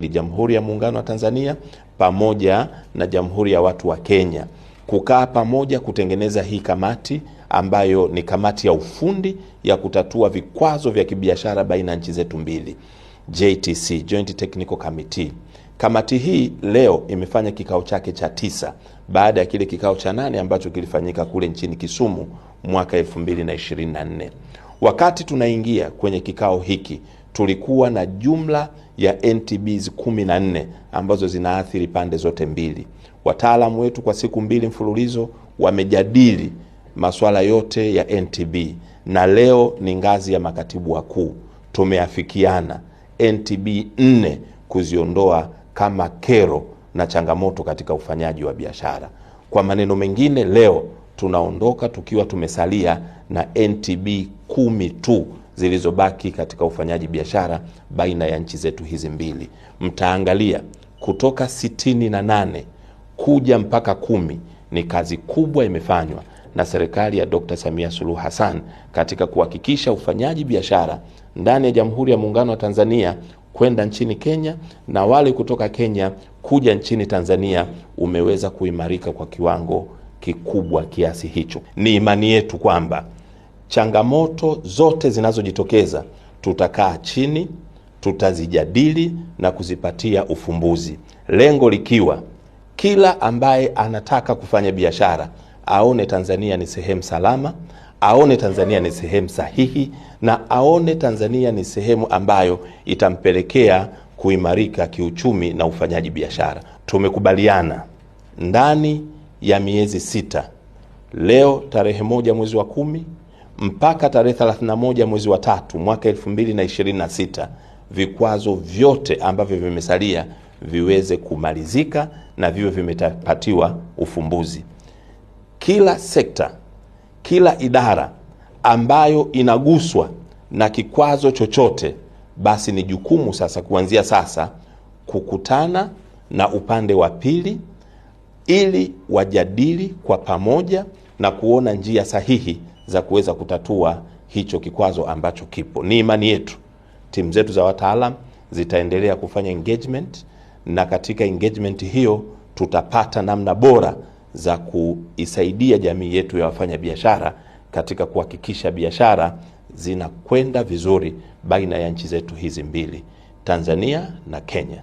ni Jamhuri ya Muungano wa Tanzania pamoja na Jamhuri ya Watu wa Kenya kukaa pamoja kutengeneza hii kamati ambayo ni kamati ya ufundi ya kutatua vikwazo vya kibiashara baina ya nchi zetu mbili, JTC, Joint Technical Committee. Kamati hii leo imefanya kikao chake cha tisa baada ya kile kikao cha nane ambacho kilifanyika kule nchini Kisumu mwaka 2024. Wakati tunaingia kwenye kikao hiki tulikuwa na jumla ya NTBs 14 ambazo zinaathiri pande zote mbili. Wataalamu wetu kwa siku mbili mfululizo wamejadili masuala yote ya NTB na leo ni ngazi ya makatibu wakuu tumeafikiana NTB 4 kuziondoa kama kero na changamoto katika ufanyaji wa biashara. Kwa maneno mengine, leo tunaondoka tukiwa tumesalia na NTB kumi tu zilizobaki katika ufanyaji biashara baina ya nchi zetu hizi mbili. Mtaangalia kutoka sitini na nane kuja mpaka kumi, ni kazi kubwa imefanywa na serikali ya Dr. Samia Suluhu Hassan katika kuhakikisha ufanyaji biashara ndani ya Jamhuri ya Muungano wa Tanzania kwenda nchini Kenya na wale kutoka Kenya kuja nchini Tanzania umeweza kuimarika kwa kiwango kikubwa kiasi hicho. Ni imani yetu kwamba changamoto zote zinazojitokeza tutakaa chini, tutazijadili na kuzipatia ufumbuzi, lengo likiwa kila ambaye anataka kufanya biashara aone Tanzania ni sehemu salama, aone Tanzania ni sehemu sahihi, na aone Tanzania ni sehemu ambayo itampelekea kuimarika kiuchumi na ufanyaji biashara. Tumekubaliana ndani ya miezi sita, leo tarehe moja mwezi wa kumi mpaka tarehe 31 mwezi wa tatu mwaka 2026 vikwazo vyote ambavyo vimesalia viweze kumalizika na viwe vimepatiwa ufumbuzi. Kila sekta, kila idara ambayo inaguswa na kikwazo chochote, basi ni jukumu sasa, kuanzia sasa, kukutana na upande wa pili ili wajadili kwa pamoja na kuona njia sahihi za kuweza kutatua hicho kikwazo ambacho kipo. Ni imani yetu timu zetu za wataalam zitaendelea kufanya engagement, na katika engagement hiyo tutapata namna bora za kuisaidia jamii yetu ya wafanyabiashara katika kuhakikisha biashara zinakwenda vizuri baina ya nchi zetu hizi mbili, Tanzania na Kenya.